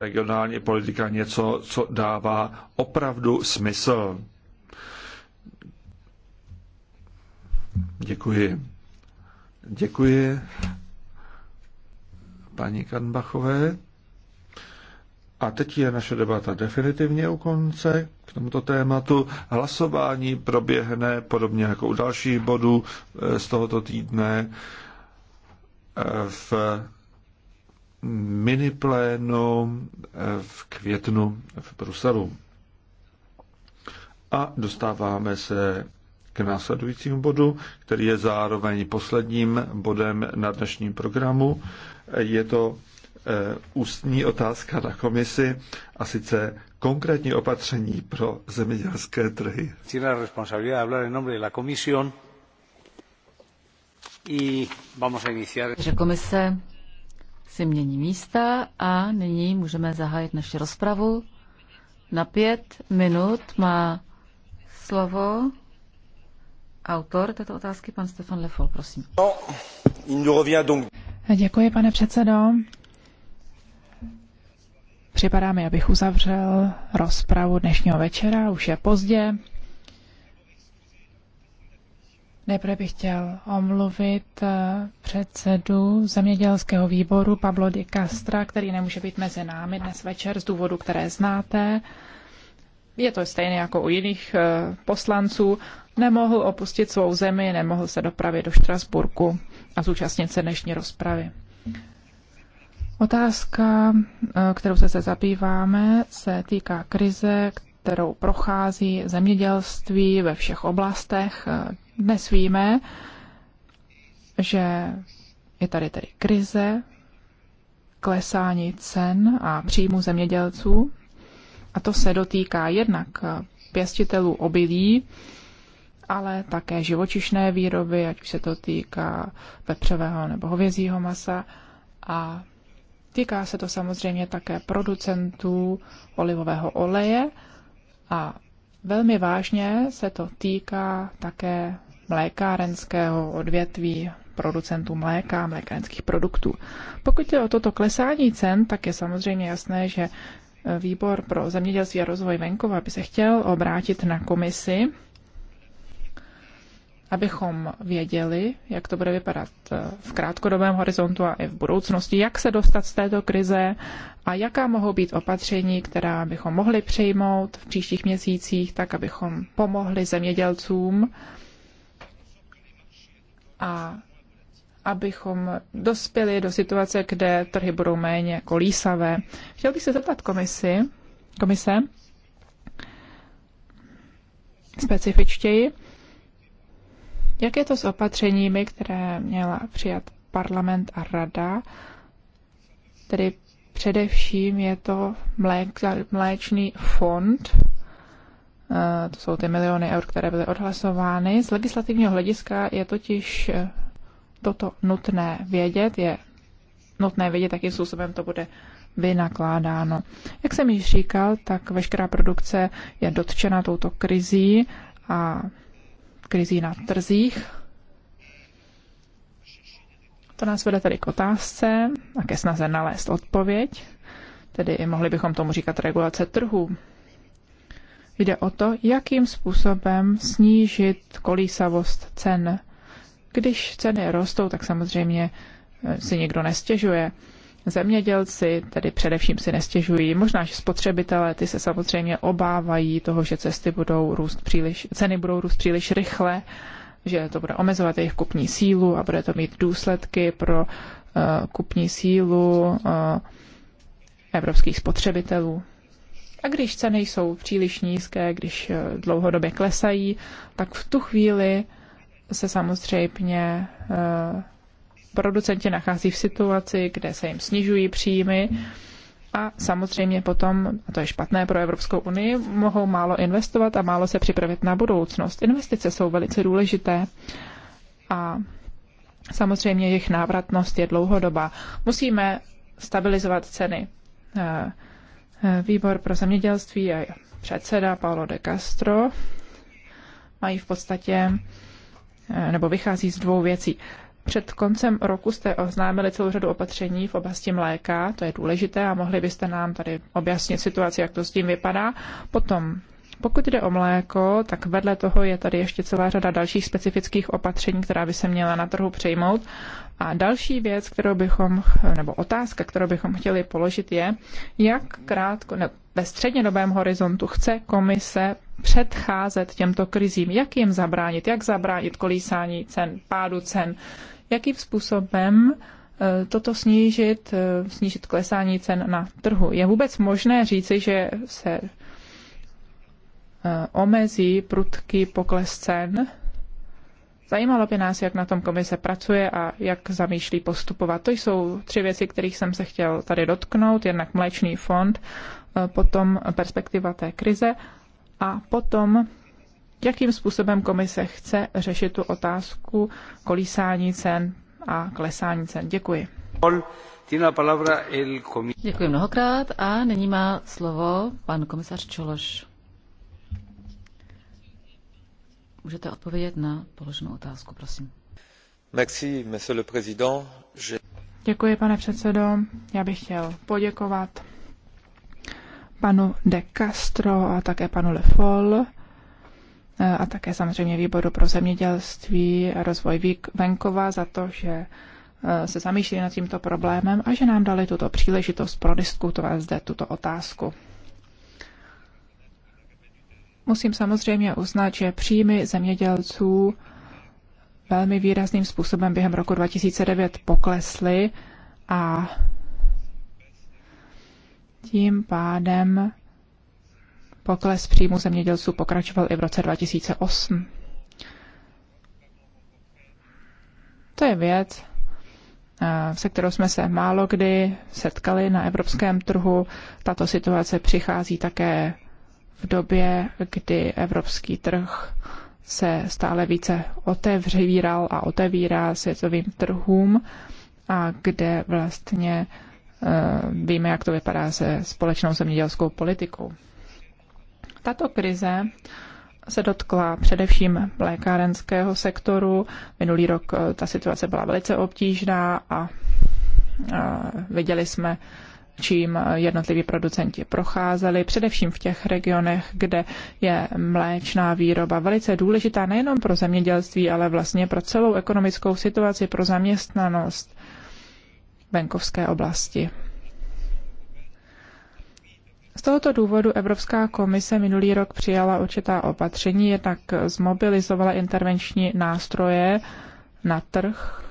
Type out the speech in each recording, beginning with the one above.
regionální politika něco, co dává opravdu smysl. Děkuji. Děkuji paní Kanbachové. A teď je naše debata definitivně u konce k tomuto tématu. Hlasování proběhne podobně jako u dalších bodů eh, z tohoto týdne eh, v miniplénu v květnu v Bruselu. A dostáváme se k následujícímu bodu, který je zároveň posledním bodem na dnešním programu. Je to eh, ústní otázka na komisi a sice konkrétní opatření pro zemědělské trhy. Tiene la responsabilidad de hablar en nombre de la comisión y vamos a iniciar. Že komise si mění místa a nyní můžeme zahájit naši rozpravu. Na pět minut má slovo autor této otázky, pan Stefan Lefol, prosím. No, Děkuji, pane předsedo. Připadá mi, abych uzavřel rozpravu dnešního večera, už je pozdě. Nejprve bych chtěl omluvit eh, předsedu zemědělského výboru Pablo de Castra, který nemůže být mezi námi dnes večer z důvodu, které znáte. Je to stejné jako u jiných eh, poslanců. Nemohl opustit svou zemi, nemohl se dopravit do Štrasburku a zúčastnit se dnešní rozpravy. Otázka, eh, kterou se zabýváme, se týká krize, kterou prochází zemědělství ve všech oblastech dnes víme, že je tady tedy krize, klesání cen a příjmu zemědělců. A to se dotýká jednak pěstitelů obilí, ale také živočišné výroby, ať už se to týká vepřového nebo hovězího masa. A týká se to samozřejmě také producentů olivového oleje a velmi vážně se to týká také mlékárenského odvětví producentů mléka a mlékárenských produktů. Pokud je o toto klesání cen, tak je samozřejmě jasné, že výbor pro zemědělství a rozvoj venkova by se chtěl obrátit na komisi, abychom věděli, jak to bude vypadat v krátkodobém horizontu a i v budoucnosti, jak se dostat z této krize a jaká mohou být opatření, která bychom mohli přejmout v příštích měsících, tak abychom pomohli zemědělcům, a abychom dospěli do situace, kde trhy budou méně kolísavé. Chtěl bych se zeptat komisi, komise specifičtěji, jak je to s opatřeními, které měla přijat parlament a rada, tedy především je to mléčný fond, Eh, to jsou ty miliony eur, které byly odhlasovány. Z legislativního hlediska je totiž eh, toto nutné vědět, je nutné vědět, jakým způsobem to bude vynakládáno. Jak jsem již říkal, tak veškerá produkce je dotčena touto krizí a krizí na trzích. To nás vede tedy k otázce a ke snaze nalézt odpověď. Tedy mohli bychom tomu říkat regulace trhu, Jde o to, jakým způsobem snížit kolísavost cen. Když ceny rostou, tak samozřejmě eh, si někdo nestěžuje. Zemědělci tedy především si nestěžují, možná, že spotřebitelé ty se samozřejmě obávají toho, že cesty budou růst příliš, ceny budou růst příliš rychle, že to bude omezovat jejich kupní sílu a bude to mít důsledky pro uh, kupní sílu uh, evropských spotřebitelů. A když ceny jsou příliš nízké, když eh, dlouhodobě klesají, tak v tu chvíli se samozřejmě eh, producenti nachází v situaci, kde se jim snižují příjmy a samozřejmě potom, a to je špatné pro Evropskou unii, mohou málo investovat a málo se připravit na budoucnost. Investice jsou velice důležité a samozřejmě jejich návratnost je dlouhodobá. Musíme stabilizovat ceny eh, výbor pro zemědělství a předseda Paolo de Castro mají v podstatě, eh, nebo vychází z dvou věcí. Před koncem roku jste oznámili celou řadu opatření v oblasti mléka, to je důležité a mohli byste nám tady objasnit situaci, jak to s tím vypadá. Potom pokud jde o mléko, tak vedle toho je tady ještě celá řada dalších specifických opatření, která by se měla na trhu přejmout. A další věc, kterou bychom, nebo otázka, kterou bychom chtěli položit, je, jak krátko, ne, ve střednědobém horizontu chce komise předcházet těmto krizím, jak jim zabránit, jak zabránit kolísání cen, pádu cen, jakým způsobem e, toto snížit, e, snížit klesání cen na trhu. Je vůbec možné říci, že se Eh, omezí prudký pokles cen. Zajímalo by nás, jak na tom komise pracuje a jak zamýšlí postupovat. To jsou tři věci, kterých jsem se chtěl tady dotknout. Jednak mléčný fond, eh, potom perspektiva té krize a potom jakým způsobem komise chce řešit tu otázku kolísání cen a klesání cen. Děkuji. Děkuji mnohokrát a nyní má slovo pan komisař Čološ. Můžete odpovědět na položenou otázku, prosím. Merci, monsieur le président. Je... Děkuji, pane předsedo. Já bych chtěl poděkovat panu De Castro a také panu Le Foll eh, a také samozřejmě výboru pro zemědělství a rozvoj venkova za to, že eh, se zamýšlí nad tímto problémem a že nám dali tuto příležitost prodiskutovat zde tuto otázku musím samozřejmě uznat, že příjmy zemědělců velmi výrazným způsobem během roku 2009 poklesly a tím pádem pokles příjmu zemědělců pokračoval i v roce 2008. To je věc, eh, se kterou jsme se málo kdy setkali na evropském trhu. Tato situace přichází také v době, kdy evropský trh se stále více otevřevíral a otevírá světovým trhům a kde vlastně eh, víme, jak to vypadá se společnou zemědělskou politikou. Tato krize se dotkla především lékárenského sektoru. Minulý rok eh, ta situace byla velice obtížná a viděli jsme čím jednotliví producenti procházeli, především v těch regionech, kde je mléčná výroba velice důležitá nejenom pro zemědělství, ale vlastně pro celou ekonomickou situaci, pro zaměstnanost venkovské oblasti. Z tohoto důvodu Evropská komise minulý rok přijala určitá opatření, jednak zmobilizovala intervenční nástroje na trh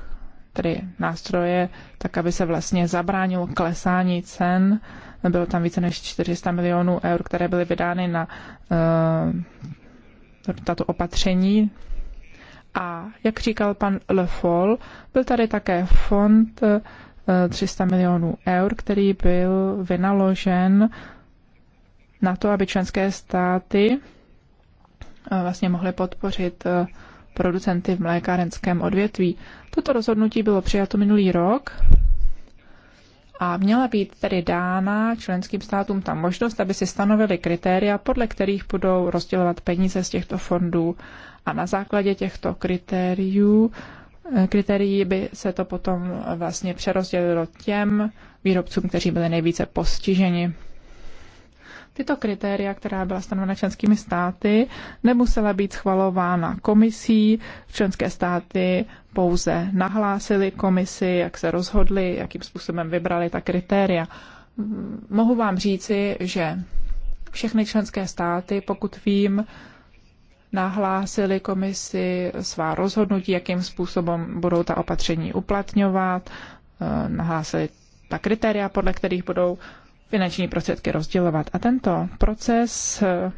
tedy nástroje, tak aby se vlastně zabránilo klesání cen. Bylo tam více než 400 milionů eur, které byly vydány na uh, tato opatření. A jak říkal pan Le Foll, byl tady také fond uh, eh, 300 milionů eur, který byl vynaložen na to, aby členské státy uh, vlastně mohly podpořit uh, producenty v mlékárenském odvětví. Toto rozhodnutí bylo přijato minulý rok a měla být tedy dána členským státům ta možnost, aby si stanovili kritéria, podle kterých budou rozdělovat peníze z těchto fondů a na základě těchto kritériů eh, kritérií by se to potom vlastně přerozdělilo těm výrobcům, kteří byli nejvíce postiženi Tyto kritéria, která byla stanovena členskými státy, nemusela být schvalována komisí. Členské státy pouze nahlásily komisi, jak se rozhodly, jakým způsobem vybrali ta kritéria. Mohu vám říci, že všechny členské státy, pokud vím, nahlásili komisi svá rozhodnutí, jakým způsobem budou ta opatření uplatňovat, nahlásili ta kritéria, podle kterých budou finanční prostředky rozdělovat. A tento proces eh,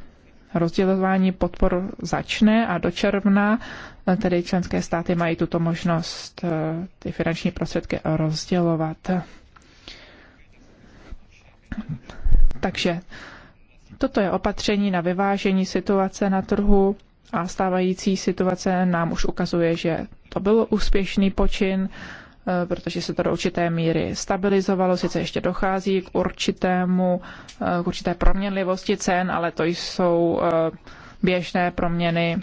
rozdělování podpor začne a do června eh, tedy členské státy mají tuto možnost eh, ty finanční prostředky rozdělovat. Takže toto je opatření na vyvážení situace na trhu a stávající situace nám už ukazuje, že to byl úspěšný počin Eh, protože se to do určité míry stabilizovalo, sice ještě dochází k určitému, eh, k určité proměnlivosti cen, ale to jsou eh, běžné proměny,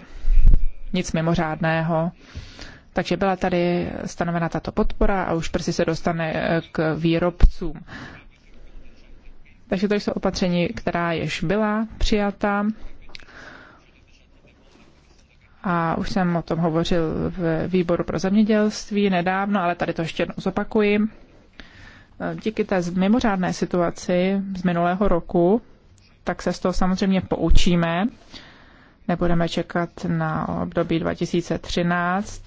nic mimořádného. Takže byla tady stanovena tato podpora a už brzy se dostane k výrobcům. Takže to jsou opatření, která již byla přijata a už jsem o tom hovořil v výboru pro zemědělství nedávno, ale tady to ještě jednou zopakuji. Díky té mimořádné situaci z minulého roku, tak se z toho samozřejmě poučíme. Nebudeme čekat na období 2013,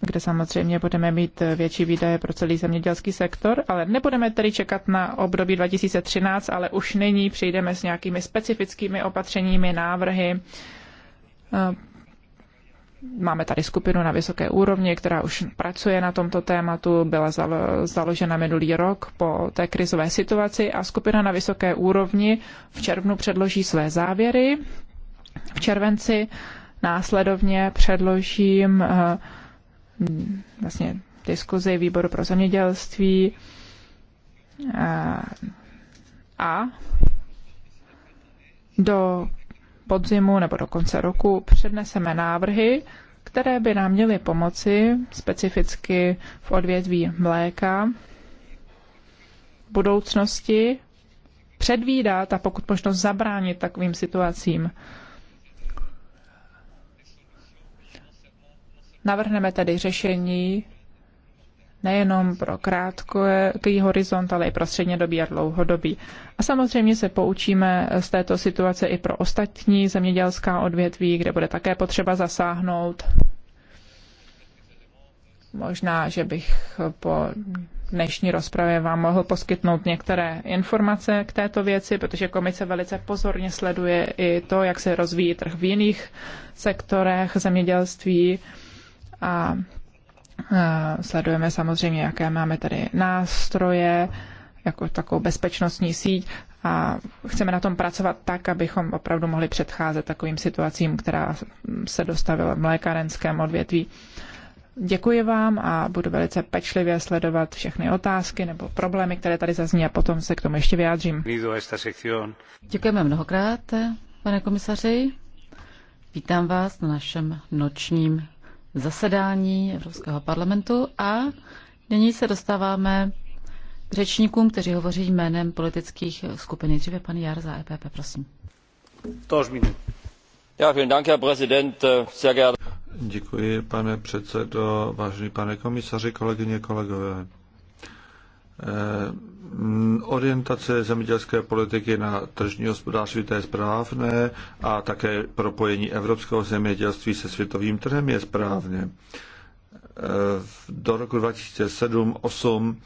kde samozřejmě budeme mít větší výdaje pro celý zemědělský sektor, ale nebudeme tedy čekat na období 2013, ale už nyní přijdeme s nějakými specifickými opatřeními, návrhy, Eh, máme tady skupinu na vysoké úrovni, která už pracuje na tomto tématu, byla založena minulý rok po té krizové situaci a skupina na vysoké úrovni v červnu předloží své závěry. V červenci následovně předložím eh, vlastně diskuzi výboru pro zemědělství eh, a do podzimu nebo do konce roku předneseme návrhy, které by nám měly pomoci specificky v odvětví mléka v budoucnosti předvídat a pokud možno zabránit takovým situacím. Navrhneme tedy řešení, nejenom pro krátký horizont, ale i pro střednědobý a dlouhodobý. A samozřejmě se poučíme z této situace i pro ostatní zemědělská odvětví, kde bude také potřeba zasáhnout. Možná, že bych po dnešní rozpravě vám mohl poskytnout některé informace k této věci, protože komise velice pozorně sleduje i to, jak se rozvíjí trh v jiných sektorech zemědělství a Sledujeme samozřejmě, jaké máme tady nástroje, jako takovou bezpečnostní síť a chceme na tom pracovat tak, abychom opravdu mohli předcházet takovým situacím, která se dostavila v mlékárenském odvětví. Děkuji vám a budu velice pečlivě sledovat všechny otázky nebo problémy, které tady zazní a potom se k tomu ještě vyjádřím. Děkujeme mnohokrát, pane komisaři. Vítám vás na našem nočním zasedání Evropského parlamentu a nyní se dostáváme k řečníkům, kteří hovoří jménem politických skupin. Nejdříve pan Jar za EPP, prosím. Eh, Děkuji, pane předsedo, vážený pane komisaři, kolegyně, kolegové. Eh, orientace zemědělské politiky na tržní hospodářství, to je správné, a také propojení evropského zemědělství se světovým trhem je správně. Eh, do roku 2007-2008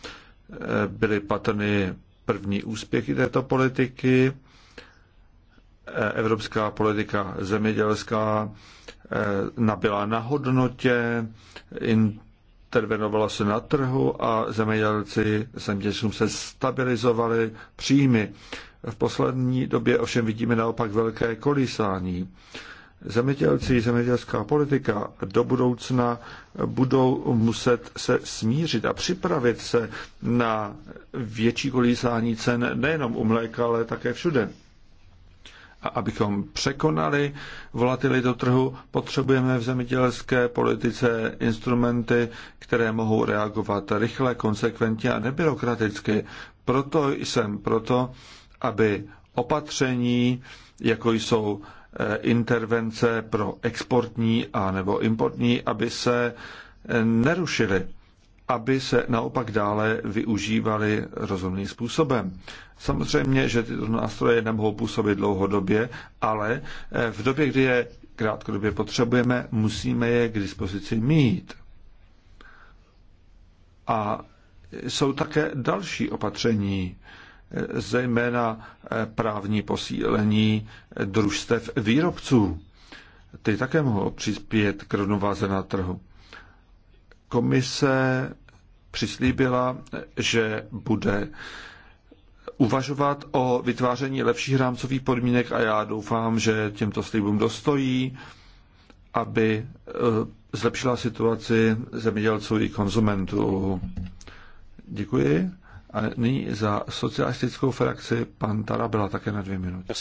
eh, byly patrny první úspěchy této politiky. Evropská politika zemědělská nabyla na hodnotě, intervenovalo se na trhu a zemědělci zemědělcům se stabilizovali příjmy. V poslední době ovšem vidíme naopak velké kolísání. Zemědělci, zemědělská politika do budoucna budou muset se smířit a připravit se na větší kolísání cen nejenom u mléka, ale také všude. A abychom překonali volatilitu trhu, potřebujeme v zemědělské politice instrumenty, které mohou reagovat rychle, konsekventně a nebyrokraticky. Proto jsem proto, aby opatření, jako jsou eh, intervence pro exportní a nebo importní, aby se eh, nerušily aby se naopak dále využívaly rozumným způsobem. Samozřejmě, že tyto nástroje nemohou působit dlouhodobě, ale eh, v době, kdy je krátkodobě potřebujeme, musíme je k dispozici mít. A jsou také další opatření, eh, zejména eh, právní posílení družstev výrobců. Ty také mohou přispět k rovnováze na trhu komise přislíbila, že bude uvažovat o vytváření lepších rámcových podmínek a já doufám, že těmto slibům dostojí, aby e, zlepšila situaci zemědělců i konzumentů. Děkuji. A nyní za socialistickou frakci pan Tara byla také na dvě minuty.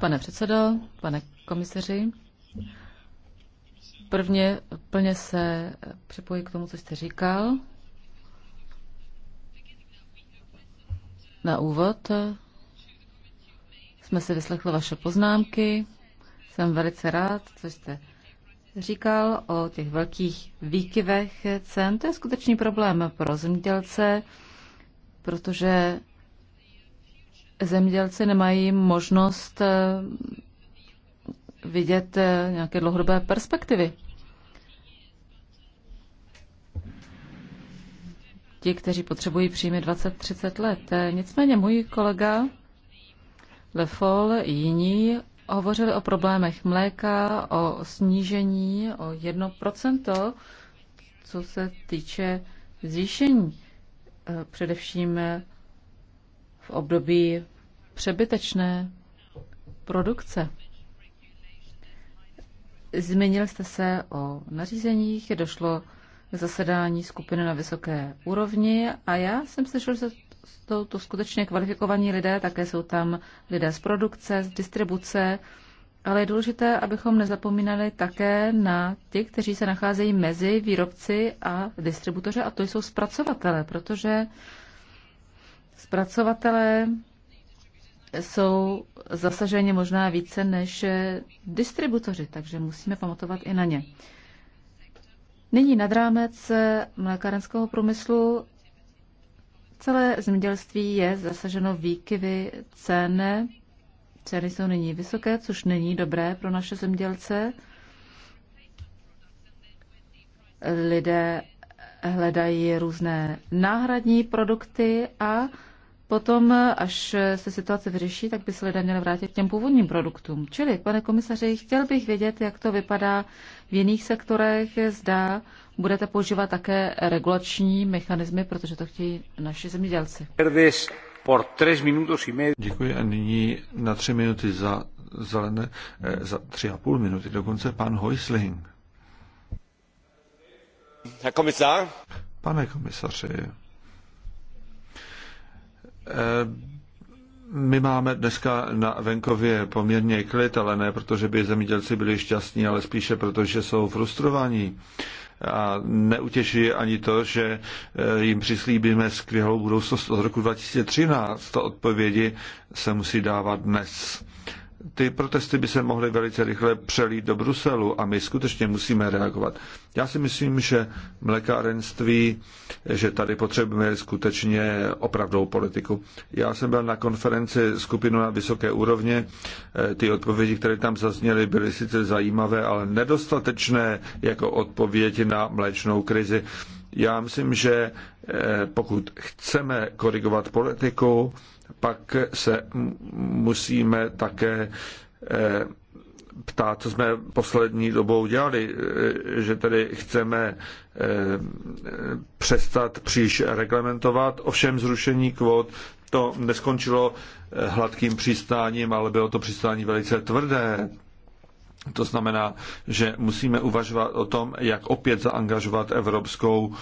Pane předsedo, pane komisaři, Prvně plně se připojit k tomu, co jste říkal. Na úvod jsme si vyslechli vaše poznámky. Jsem velice rád, co jste říkal o těch velkých výkyvech cen. To je skutečný problém pro zemědělce, protože zemědělci nemají možnost vidět eh, nějaké dlouhodobé perspektivy. Ti, kteří potřebují příjmy 20-30 let. Eh, nicméně můj kolega Lefol, jiní hovořili o problémech mléka, o snížení o 1%, co se týče zvýšení, eh, především v období přebytečné produkce. Zmínil jste se o nařízeních, došlo k zasedání skupiny na vysoké úrovni a já jsem slyšel, že jsou to skutečně kvalifikovaní lidé, také jsou tam lidé z produkce, z distribuce, ale je důležité, abychom nezapomínali také na ty, kteří se nacházejí mezi výrobci a distributoře, a to jsou zpracovatele, protože zpracovatele jsou zasaženi možná více než distributoři, takže musíme pamatovat i na ně. Nyní nad rámec mlékárenského průmyslu celé zemědělství je zasaženo výkyvy cen. Ceny jsou nyní vysoké, což není dobré pro naše zemědělce. Lidé hledají různé náhradní produkty a potom, až se situace vyřeší, tak by se lidé měli vrátit k těm původním produktům. Čili, pane komisaři, chtěl bych vědět, jak to vypadá v jiných sektorech. Zdá, budete používat také regulační mechanismy, protože to chtějí naši zemědělci. Děkuji a nyní na tři minuty za zelené, eh, za tři a půl minuty dokonce pan Hojsling. Herr Kommissar. Pane komisaři, Eh, my máme dneska na venkově poměrně klid, ale ne protože by zemědělci byli šťastní, ale spíše protože jsou frustrovaní. A neutěší ani to, že eh, jim přislíbíme skvělou budoucnost od roku 2013. To odpovědi se musí dávat dnes ty protesty by se mohly velice rychle přelít do Bruselu a my skutečně musíme reagovat. Já si myslím, že mlékárenství, že tady potřebujeme skutečně opravdou politiku. Já jsem byl na konferenci skupinu na vysoké úrovně. E, ty odpovědi, které tam zazněly, byly sice zajímavé, ale nedostatečné jako odpovědi na mléčnou krizi. Já myslím, že e, pokud chceme korigovat politiku, pak se musíme také e, ptát, co jsme poslední dobou dělali, e, že tedy chceme e, přestat příliš reglementovat. Ovšem zrušení kvot, to neskončilo hladkým přistáním, ale bylo to přistání velice tvrdé. To znamená, že musíme uvažovat o tom, jak opět zaangažovat Evropskou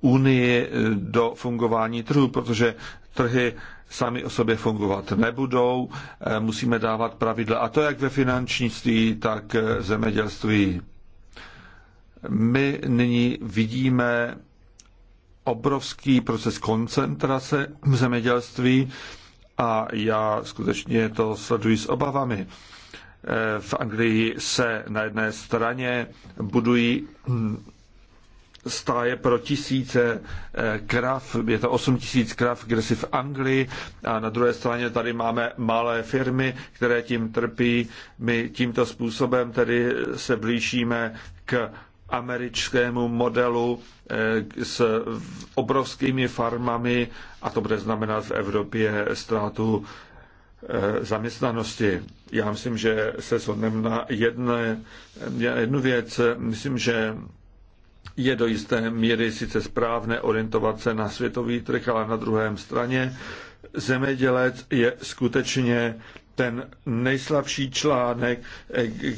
unii eh, do fungování trhu, protože trhy sami o sobě fungovat nebudou, eh, musíme dávat pravidla, a to jak ve finančnictví, tak v eh, zemědělství. My nyní vidíme obrovský proces koncentrace v zemědělství a já skutečně to sleduji s obavami. V Anglii se na jedné straně budují hm, stáje pro tisíce eh, krav, je to 8 tisíc krav si v Anglii a na druhé straně tady máme malé firmy, které tím trpí. My tímto způsobem tedy se blížíme k americkému modelu eh, s obrovskými farmami a to bude znamenat v Evropě ztrátu eh, zaměstnanosti. Já myslím, že se shodneme na jedné, jednu věc. Myslím, že je do jisté míry sice správné orientovat se na světový trh, ale na druhém straně zemědělec je skutečně ten nejslabší článek,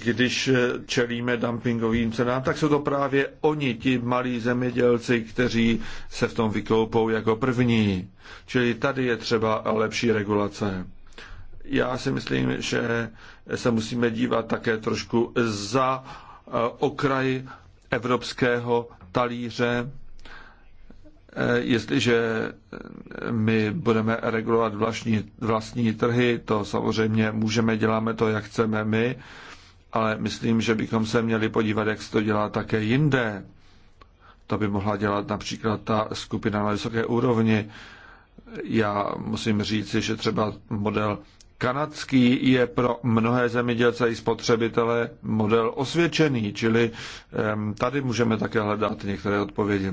když čelíme dumpingovým cenám, tak jsou to právě oni, ti malí zemědělci, kteří se v tom vykoupou jako první. Čili tady je třeba lepší regulace. Já si myslím, že se musíme dívat také trošku za eh, okraj evropského talíře, eh, jestliže my budeme regulovat vlastní, vlastní trhy, to samozřejmě můžeme, děláme to, jak chceme my, ale myslím, že bychom se měli podívat, jak se to dělá také jinde. To by mohla dělat například ta skupina na vysoké úrovni. Já musím říci, že třeba model kanadský je pro mnohé zemědělce i spotřebitele model osvědčený, čili tady můžeme také hledat některé odpovědi.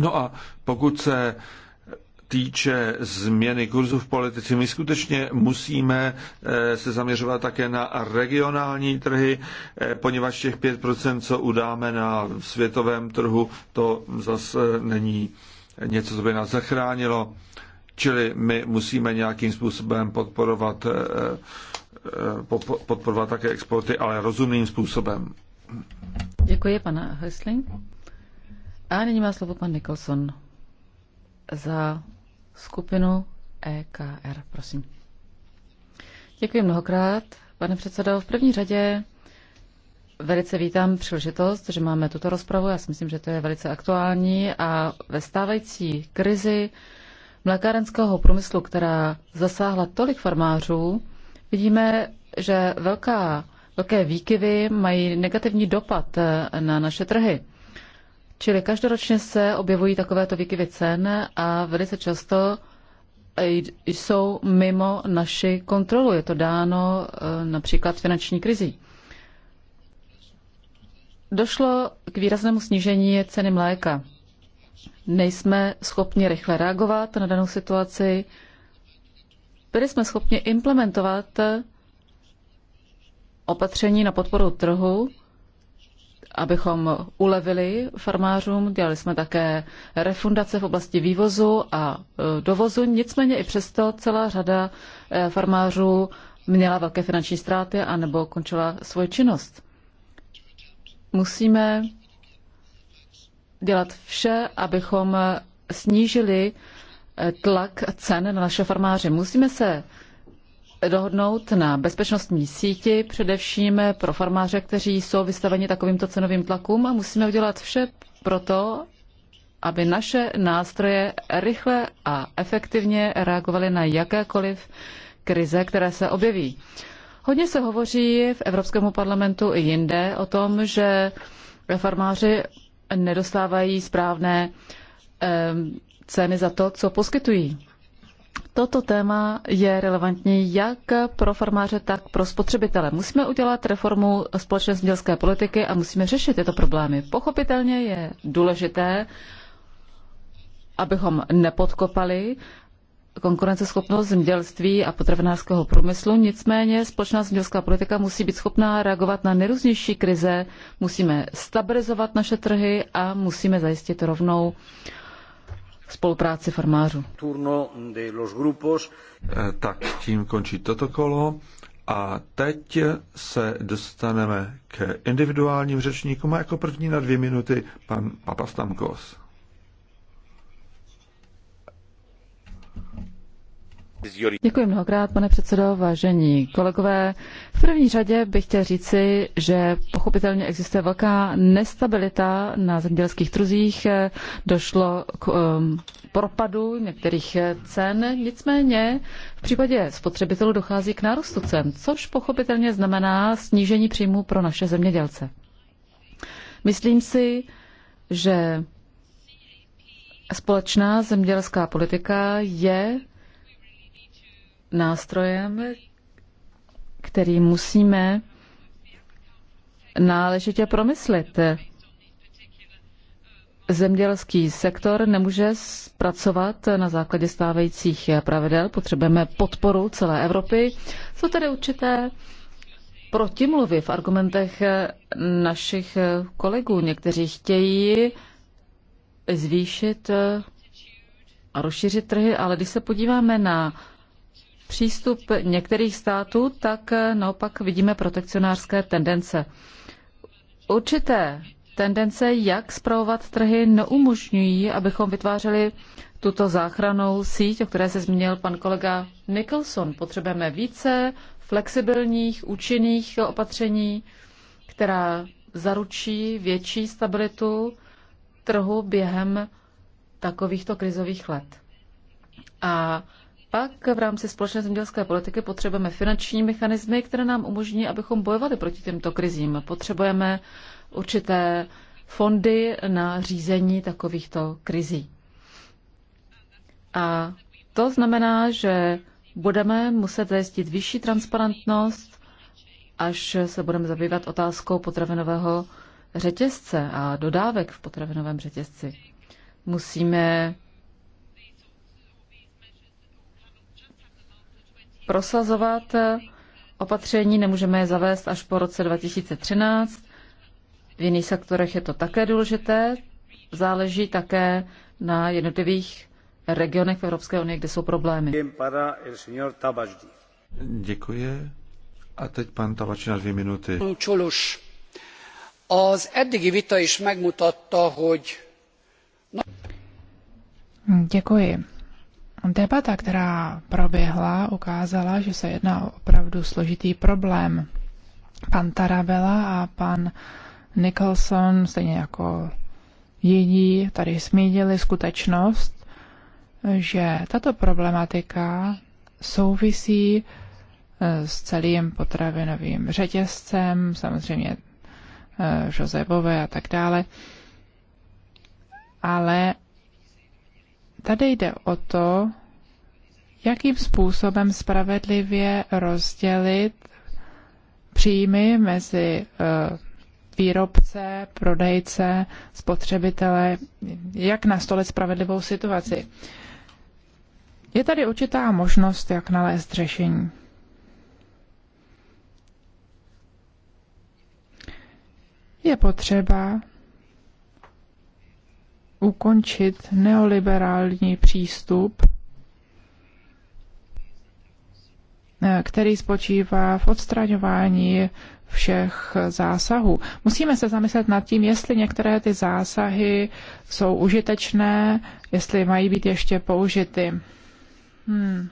No a pokud se týče změny kurzu v politice, my skutečně musíme eh, se zaměřovat také na regionální trhy, eh, poněvadž těch 5%, co udáme na světovém trhu, to zase není něco, co by nás zachránilo. Čili my musíme nějakým způsobem podporovat, eh, eh, podporovat také exporty, ale rozumným způsobem. Děkuji, pana Hesling. A nyní má slovo pan Nicholson za skupinu EKR, prosím. Děkuji mnohokrát, pane předsedo. V první řadě velice vítám příležitost, že máme tuto rozpravu. Já si myslím, že to je velice aktuální a ve stávající krizi mlékárenského průmyslu, která zasáhla tolik farmářů, vidíme, že velká, velké výkyvy mají negativní dopad eh, na naše trhy. Čili každoročně se objevují takovéto výkyvy cen a velice často eh, jsou mimo naši kontrolu. Je to dáno eh, například finanční krizí. Došlo k výraznému snížení ceny mléka nejsme schopni rychle reagovat na danou situaci, byli jsme schopni implementovat opatření na podporu trhu, abychom ulevili farmářům. Dělali jsme také refundace v oblasti vývozu a e, dovozu. Nicméně i přesto celá řada e, farmářů měla velké finanční ztráty anebo končila svoji činnost. Musíme dělat vše, abychom snížili eh, tlak cen na naše farmáře. Musíme se dohodnout na bezpečnostní síti, především pro farmáře, kteří jsou vystaveni takovýmto cenovým tlakům a musíme udělat vše pro to, aby naše nástroje rychle a efektivně reagovaly na jakékoliv krize, které se objeví. Hodně se hovoří v Evropském parlamentu i jinde o tom, že farmáři nedostávají správné ceny za to, co poskytují. Toto téma je relevantní jak pro farmáře, tak pro spotřebitele. Musíme udělat reformu společné zemědělské politiky a musíme řešit tyto problémy. Pochopitelně je důležité, abychom nepodkopali konkurenceschopnost zemědělství a potravinářského průmyslu. Nicméně společná zemědělská politika musí být schopná reagovat na nejrůznější krize, musíme stabilizovat naše trhy a musíme zajistit rovnou spolupráci farmářů. Eh, tak tím končí toto kolo. A teď se dostaneme k individuálním řečníkům a jako první na dvě minuty pan Papastamkos. Děkuji mnohokrát, pane předsedo, vážení kolegové. V první řadě bych chtěl říci, že pochopitelně existuje velká nestabilita na zemědělských trzích. Došlo k um, propadu některých cen, nicméně v případě spotřebitelů dochází k nárůstu cen, což pochopitelně znamená snížení příjmů pro naše zemědělce. Myslím si, že společná zemědělská politika je nástrojem, který musíme náležitě promyslet, Zemědělský sektor nemůže zpracovat na základě stávajících pravidel. Potřebujeme podporu celé Evropy. Jsou tedy určité protimluvy v argumentech našich kolegů. Někteří chtějí zvýšit a rozšířit trhy, ale když se podíváme na přístup některých států, tak eh, naopak vidíme protekcionářské tendence. Určité tendence, jak zpravovat trhy, neumožňují, abychom vytvářeli tuto záchranou síť, o které se zmínil pan kolega Nicholson. Potřebujeme více flexibilních, účinných opatření, která zaručí větší stabilitu trhu během takovýchto krizových let. A pak v rámci společné zemědělské politiky potřebujeme finanční mechanismy, které nám umožní, abychom bojovali proti těmto krizím. Potřebujeme určité fondy na řízení takovýchto krizí. A to znamená, že budeme muset zajistit vyšší transparentnost, až se budeme zabývat otázkou potravinového řetězce a dodávek v potravinovém řetězci. Musíme prosazovat opatření, nemůžeme je zavést až po roce 2013. V jiných sektorech je to také důležité, záleží také na jednotlivých regionech v Evropské unii, kde jsou problémy. Děkuji. A teď pan na dvě minuty. Csolus. Az eddigi vita is megmutatta, hogy... Děkuji. Debata, která proběhla, ukázala, že se jedná o opravdu složitý problém. Pan Tarabela a pan Nicholson, stejně jako jiní, tady smídili skutečnost, že tato problematika souvisí eh, s celým potravinovým řetězcem, samozřejmě eh, Josebové a tak dále. Ale tady jde o to, jakým způsobem spravedlivě rozdělit příjmy mezi eh, výrobce, prodejce, spotřebitele, jak nastolit spravedlivou situaci. Je tady určitá možnost, jak nalézt řešení. Je potřeba ukončit neoliberální přístup, eh, který spočívá v odstraňování všech zásahů. Musíme se zamyslet nad tím, jestli některé ty zásahy jsou užitečné, jestli mají být ještě použity. Hmm.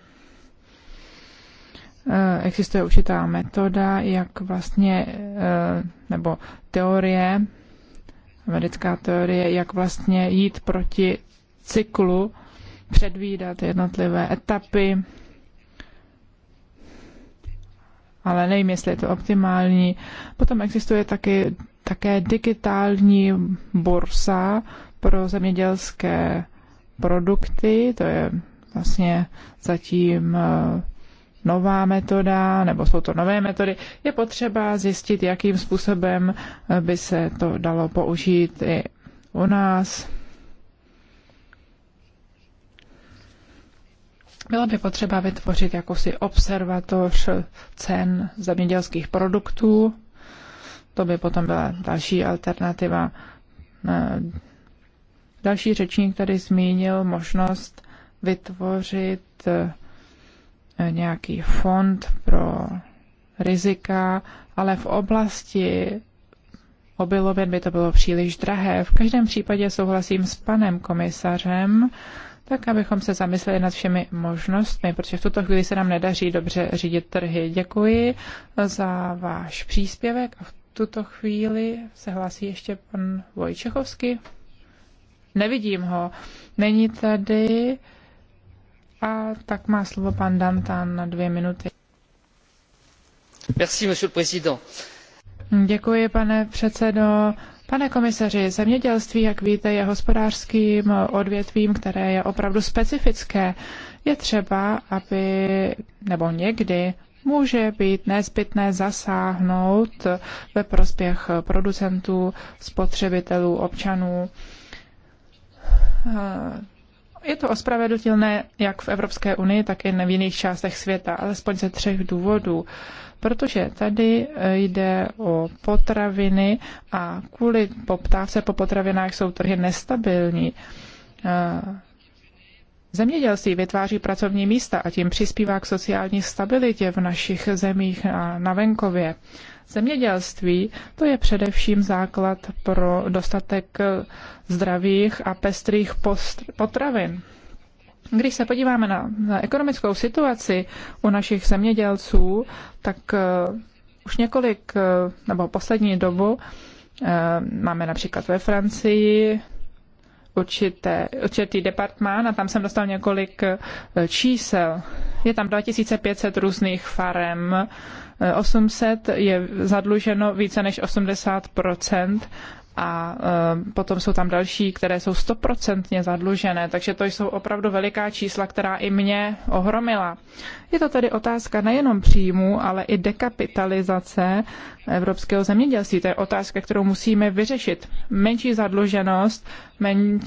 Eh, existuje určitá metoda, jak vlastně, eh, nebo teorie, vedecká teorie, jak vlastně jít proti cyklu, předvídat jednotlivé etapy, ale nevím, jestli je to optimální. Potom existuje taky, také digitální bursa pro zemědělské produkty, to je vlastně zatím eh, nová metoda, nebo jsou to nové metody, je potřeba zjistit, jakým způsobem eh, by se to dalo použít i u nás. Bylo by potřeba vytvořit jakousi observatoř cen zemědělských produktů. To by potom byla další alternativa. Eh, další řečník tady zmínil možnost vytvořit eh, nějaký fond pro rizika, ale v oblasti obilovin by to bylo příliš drahé. V každém případě souhlasím s panem komisařem, tak abychom se zamysleli nad všemi možnostmi, protože v tuto chvíli se nám nedaří dobře řídit trhy. Děkuji za váš příspěvek a v tuto chvíli se hlásí ještě pan Vojčechovský. Nevidím ho. Není tady. A tak má slovo pan Dantan na dvě minuty. Merci, monsieur le président. Děkuji, pane předsedo. Pane komisaři, zemědělství, jak víte, je hospodářským odvětvím, které je opravdu specifické. Je třeba, aby, nebo někdy, může být nezbytné zasáhnout ve prospěch producentů, spotřebitelů, občanů je to ospravedlnitelné jak v Evropské unii, tak i v jiných částech světa, alespoň ze třech důvodů. Protože tady eh, jde o potraviny a kvůli poptávce po potravinách jsou trhy nestabilní. Eh, zemědělství vytváří pracovní místa a tím přispívá k sociální stabilitě v našich zemích a na venkově. Zemědělství to je především základ pro dostatek zdravých a pestrých potravin. Když se podíváme na, na ekonomickou situaci u našich zemědělců, tak uh, už několik, uh, nebo poslední dobu, uh, máme například ve Francii určité, určitý departmán a tam jsem dostal několik čísel. Je tam 2500 různých farem, 800 je zadluženo více než 80 a e, potom jsou tam další, které jsou stoprocentně zadlužené, takže to jsou opravdu veliká čísla, která i mě ohromila. Je to tedy otázka nejenom příjmů, ale i dekapitalizace evropského zemědělství. To je otázka, kterou musíme vyřešit. Menší zadluženost,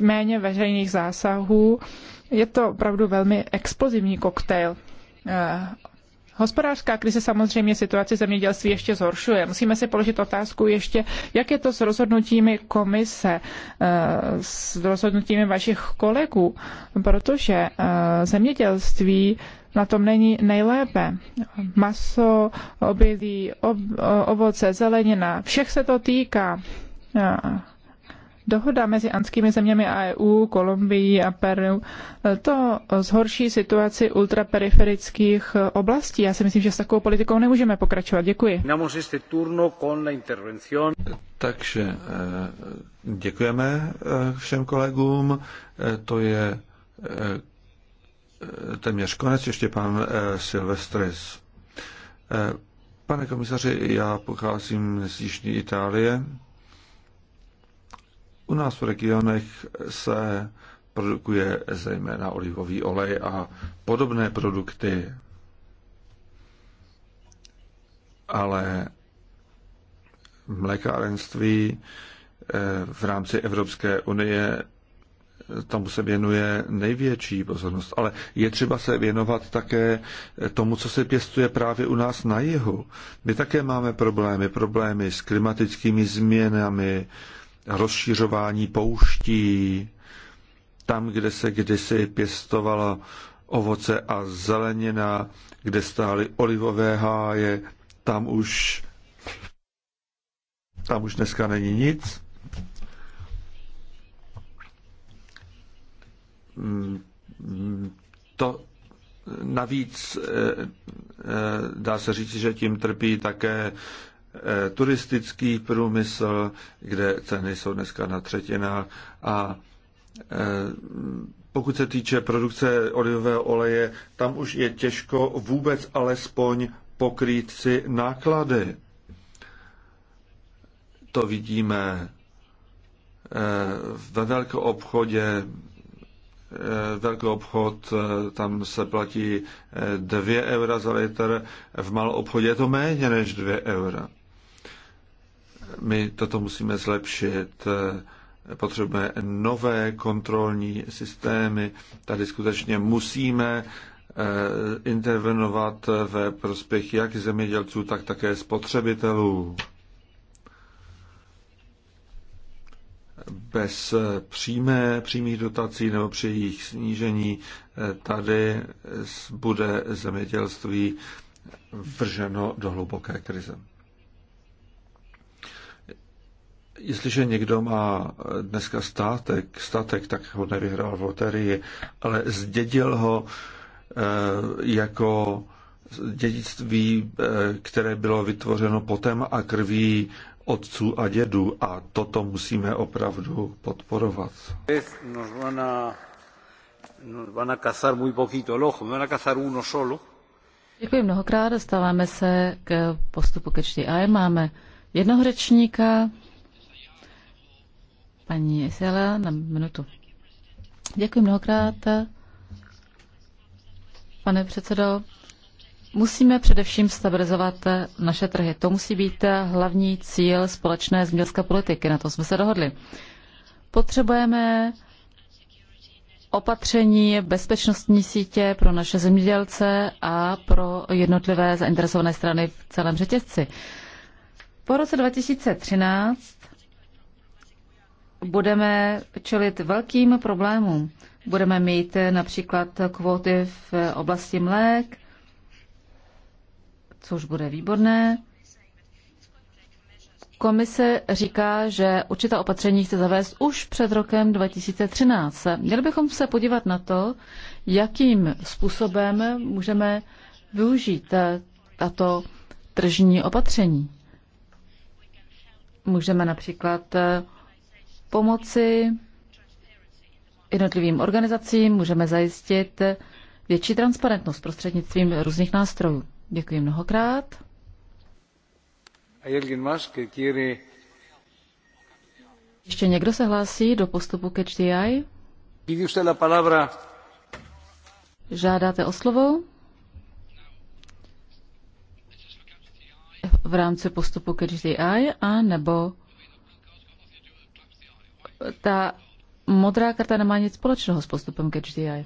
méně veřejných zásahů, je to opravdu velmi explozivní koktejl e, Hospodářská krize samozřejmě situaci zemědělství ještě zhoršuje. Musíme si položit otázku ještě, jak je to s rozhodnutími komise, eh, s rozhodnutími vašich kolegů, protože eh, zemědělství na tom není nejlépe. Maso, obilí, eh, ovoce, zelenina, všech se to týká. Dohoda mezi anskými zeměmi a EU, Kolumbií a Peru, eh, to zhorší situaci ultraperiferických eh, oblastí. Já si myslím, že s takovou politikou nemůžeme pokračovat. Děkuji. Takže eh, děkujeme všem kolegům. To je téměř konec. Ještě pan Silvestris. Pane komisaři, já pocházím z Jižní Itálie u nás v regionech se produkuje zejména olivový olej a podobné produkty. Ale mlékárenství eh, v rámci Evropské unie tomu se věnuje největší pozornost. Ale je třeba se věnovat také eh, tomu, co se pěstuje právě u nás na jihu. My také máme problémy. Problémy s klimatickými změnami, rozšířování pouští, tam, kde se kdysi pěstovalo ovoce a zelenina, kde stály olivové háje, tam už, tam už dneska není nic. To navíc eh, eh, dá se říct, že tím trpí také Eh, turistický průmysl, kde ceny jsou dneska na třetina a eh, pokud se týče produkce olivového oleje, tam už je těžko vůbec alespoň pokrýt si náklady. To vidíme eh, ve velké obchodě velký obchod, tam se platí 2 eura za litr, v malou obchodě je to méně než 2 eura. My toto musíme zlepšit. Potřebujeme nové kontrolní systémy. Tady skutečně musíme eh, intervenovat ve prospěch jak zemědělců, tak také spotřebitelů. Bez přímé, přímých dotací nebo při jejich snížení eh, tady bude zemědělství vrženo do hluboké krize jestliže někdo má dneska státek, statek, tak ho nevyhrál v loterii, ale zdědil ho eh, jako dědictví, eh, které bylo vytvořeno potem a krví otců a dědů a toto musíme opravdu podporovat. Děkuji mnohokrát, dostáváme se k postupu ke čtyři. A máme jednoho řečníka, Paní Sela na minutu. Děkuji mnohokrát. Pane předsedo, musíme především stabilizovat naše trhy. To musí být hlavní cíl společné zemědělské politiky. Na to jsme se dohodli. Potřebujeme opatření bezpečnostní sítě pro naše zemědělce a pro jednotlivé zainteresované strany v celém řetězci. Po roce 2013 budeme čelit velkým problémům. Budeme mít eh, například kvóty v eh, oblasti mlék, což bude výborné. Komise říká, že určitá opatření chce zavést už před rokem 2013. Měli bychom se podívat na to, jakým způsobem můžeme využít eh, tato tržní opatření. Můžeme například pomoci jednotlivým organizacím, můžeme zajistit větší transparentnost prostřednictvím různých nástrojů. Děkuji mnohokrát. Ještě někdo se hlásí do postupu ke HDI? Žádáte o slovo? V rámci postupu ke a nebo ta modrá karta nemá nic společného s postupem ke GDI.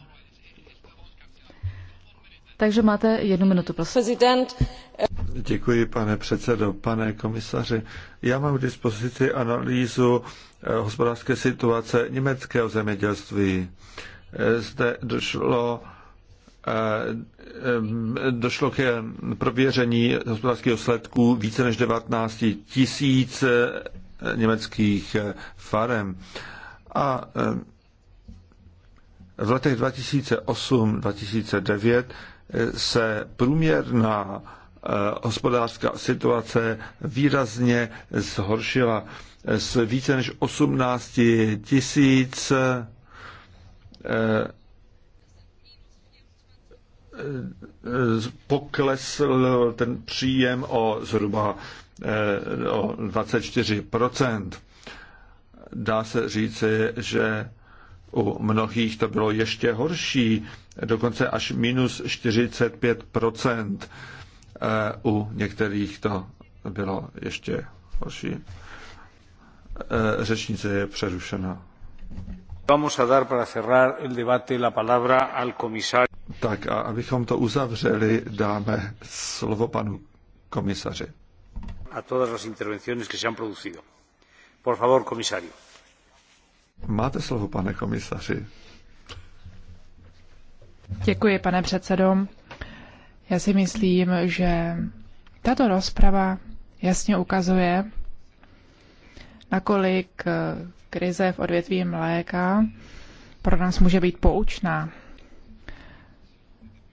Takže máte jednu minutu, prosím. Prezident. Eh, Děkuji, pane předsedo, pane komisaři. Já mám k dispozici analýzu eh, hospodářské situace německého zemědělství. Eh, zde došlo došlo k prověření hospodářských osledků více než 19 tisíc německých eh, farem. A eh, v letech 2008-2009 eh, se průměrná hospodářská situace výrazně zhoršila z více než 18 tisíc Eh, poklesl ten příjem o zhruba eh, o 24%. Dá se říci, že u mnohých to bylo ještě horší, dokonce až minus 45%. Eh, u některých to bylo ještě horší. Řečnice je přerušena. Vamos a dar para cerrar el debate la palabra al comisario. Tak a abychom to uzavřeli, dáme slovo panu komisaři. A todas las intervenciones que se han producido. Por favor, komisario. Máte slovo, pane komisaři. Děkuji, pane předsedo. Já si myslím, že tato rozprava jasně ukazuje, nakolik krize v odvětví mléka pro nás může být poučná.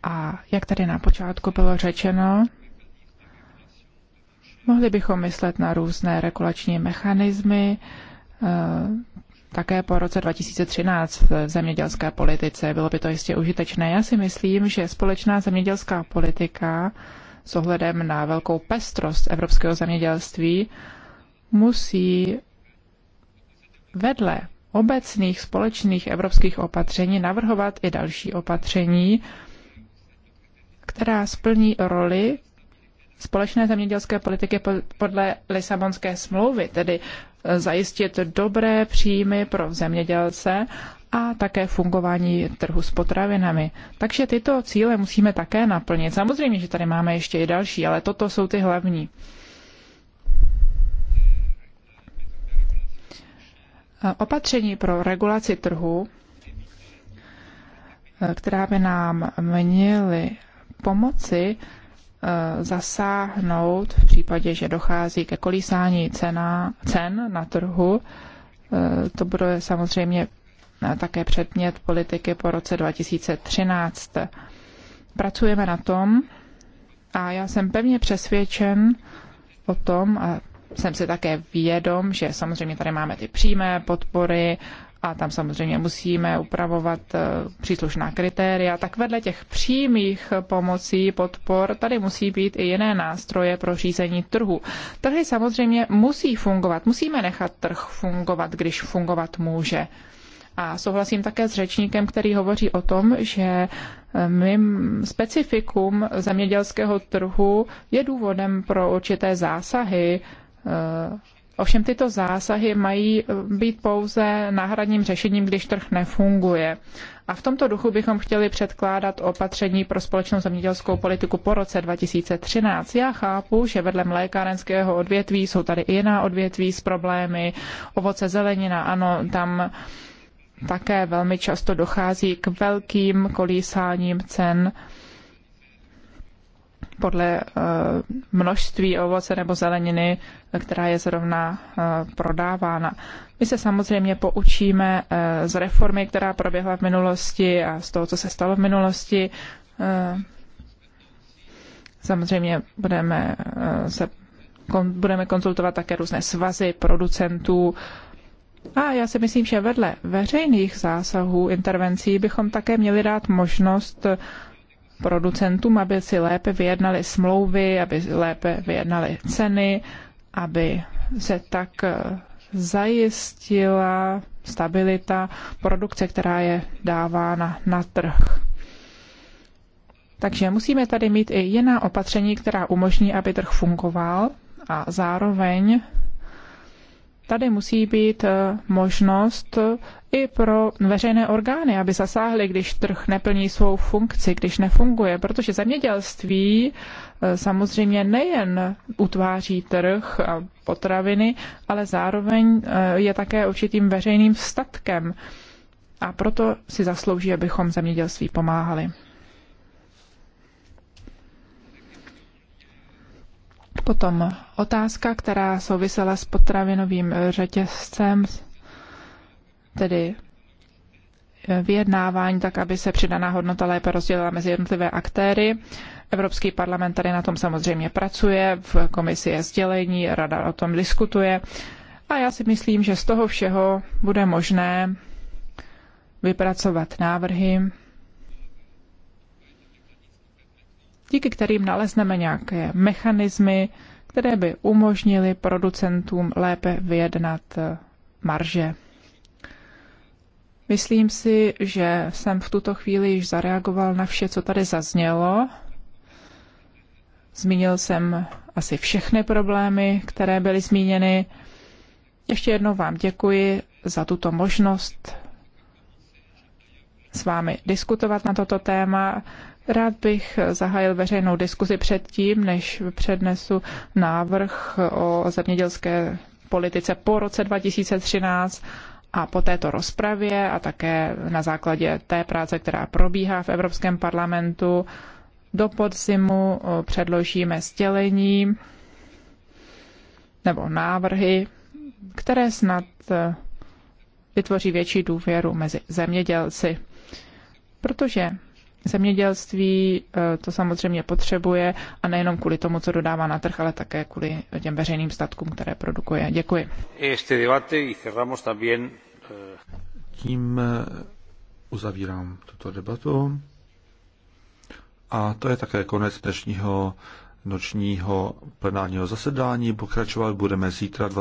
A jak tady na počátku bylo řečeno, mohli bychom myslet na různé regulační mechanismy, eh, také po roce 2013 v zemědělské politice. Bylo by to jistě užitečné. Já si myslím, že společná zemědělská politika s ohledem na velkou pestrost evropského zemědělství musí vedle obecných společných evropských opatření navrhovat i další opatření, která splní roli společné zemědělské politiky podle Lisabonské smlouvy, tedy eh, zajistit dobré příjmy pro zemědělce a také fungování trhu s potravinami. Takže tyto cíle musíme také naplnit. Samozřejmě, že tady máme ještě i další, ale toto jsou ty hlavní. Eh, opatření pro regulaci trhu, eh, která by nám měly pomoci eh, zasáhnout v případě, že dochází ke kolísání cena, cen na trhu. Eh, to bude samozřejmě eh, také předmět politiky po roce 2013. Pracujeme na tom a já jsem pevně přesvědčen o tom, a jsem si také vědom, že samozřejmě tady máme ty přímé podpory a tam samozřejmě musíme upravovat eh, příslušná kritéria, tak vedle těch přímých pomocí, podpor, tady musí být i jiné nástroje pro řízení trhu. Trhy samozřejmě musí fungovat, musíme nechat trh fungovat, když fungovat může. A souhlasím také s řečníkem, který hovoří o tom, že eh, mým specifikum zemědělského trhu je důvodem pro určité zásahy eh, Ovšem tyto zásahy mají eh, být pouze náhradním řešením, když trh nefunguje. A v tomto duchu bychom chtěli předkládat opatření pro společnou zemědělskou politiku po roce 2013. Já chápu, že vedle mlékárenského odvětví jsou tady i jiná odvětví s problémy, ovoce, zelenina, ano, tam také velmi často dochází k velkým kolísáním cen podle eh, množství ovoce nebo zeleniny, která je zrovna eh, prodávána. My se samozřejmě poučíme eh, z reformy, která proběhla v minulosti a z toho, co se stalo v minulosti. Samozřejmě budeme se budeme konzultovat také různé svazy producentů. A já si myslím, že vedle veřejných zásahů, intervencí bychom také měli dát možnost producentům, aby si lépe vyjednali smlouvy, aby lépe vyjednali ceny, aby se tak eh, zajistila stabilita produkce, která je dávána na trh. Takže musíme tady mít i jiná opatření, která umožní, aby trh fungoval a zároveň tady musí být eh, možnost i pro veřejné orgány, aby zasáhly, když trh neplní svou funkci, když nefunguje, protože zemědělství eh, samozřejmě nejen utváří trh a potraviny, ale zároveň eh, je také určitým veřejným statkem. A proto si zaslouží, abychom zemědělství pomáhali. Potom otázka, která souvisela s potravinovým řetězcem, tedy eh, vyjednávání, tak aby se přidaná hodnota lépe rozdělila mezi jednotlivé aktéry. Evropský parlament tady na tom samozřejmě pracuje, v komisi je sdělení, rada o tom diskutuje. A já si myslím, že z toho všeho bude možné vypracovat návrhy, díky kterým nalezneme nějaké mechanismy, které by umožnily producentům lépe vyjednat eh, marže. Myslím si, že jsem v tuto chvíli již zareagoval na vše, co tady zaznělo. Zmínil jsem asi všechny problémy, které byly zmíněny. Ještě jednou vám děkuji za tuto možnost s vámi diskutovat na toto téma. Rád bych zahájil veřejnou diskuzi předtím, než přednesu návrh o zemědělské politice po roce 2013 a po této rozpravě a také na základě té práce, která probíhá v Evropském parlamentu, do podzimu eh, předložíme sdělení nebo návrhy, které snad eh, vytvoří větší důvěru mezi zemědělci. Protože Zemědělství eh, to samozřejmě potřebuje a nejenom kvůli tomu, co dodává na trh, ale také kvůli těm veřejným statkům, které produkuje. Děkuji. Este debate y cerramos también... Eh, Tím eh, uzavírám tuto debatu. A to je také konec dnešního nočního plenárního zasedání. Pokračovat budeme zítra 20.